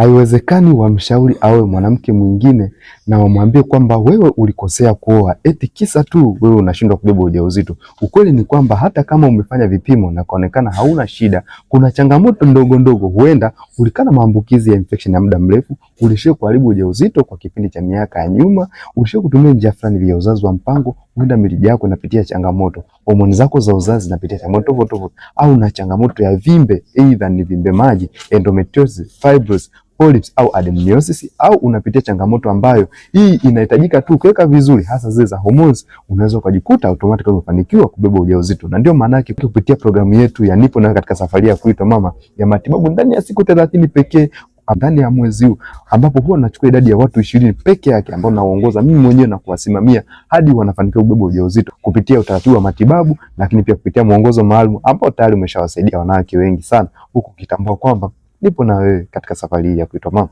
Haiwezekani wamshauri awe mwanamke mwingine na wamwambie kwamba wewe ulikosea kuoa eti kisa tu wewe unashindwa kubeba ujauzito. Ukweli ni kwamba hata kama umefanya vipimo na kaonekana hauna shida, kuna changamoto ndogo ndogo, huenda ulikana maambukizi ya infection ya muda mrefu, ulishia kuharibu ujauzito kwa kipindi cha miaka ya nyuma, ulishia kutumia njia fulani vya uzazi wa mpango, huenda mirija yako inapitia changamoto, homoni zako za uzazi zinapitia changamoto tofauti tofauti, au na changamoto ya vimbe, aidha ni vimbe maji, endometriosis, fibroids polyps au adenomyosis au unapitia changamoto ambayo hii inahitajika tu kuweka vizuri, hasa zile za hormones, unaweza ukajikuta automatically umefanikiwa kubeba ujauzito. Na ndio maana yake kupitia programu yetu ya nipo nawe katika safari ya kuitwa mama ya matibabu ndani ya siku 30 pekee ndani ya mwezi huu ambapo huwa nachukua idadi ya watu ishirini peke yake ambao naongoza mimi mwenyewe na kuwasimamia hadi wanafanikiwa kubeba ujauzito kupitia utaratibu wa matibabu, lakini pia kupitia mwongozo maalum ambao tayari umeshawasaidia wanawake wengi sana, huku ukitambua kwamba nipo na wewe katika safari hii ya kuitwa mama.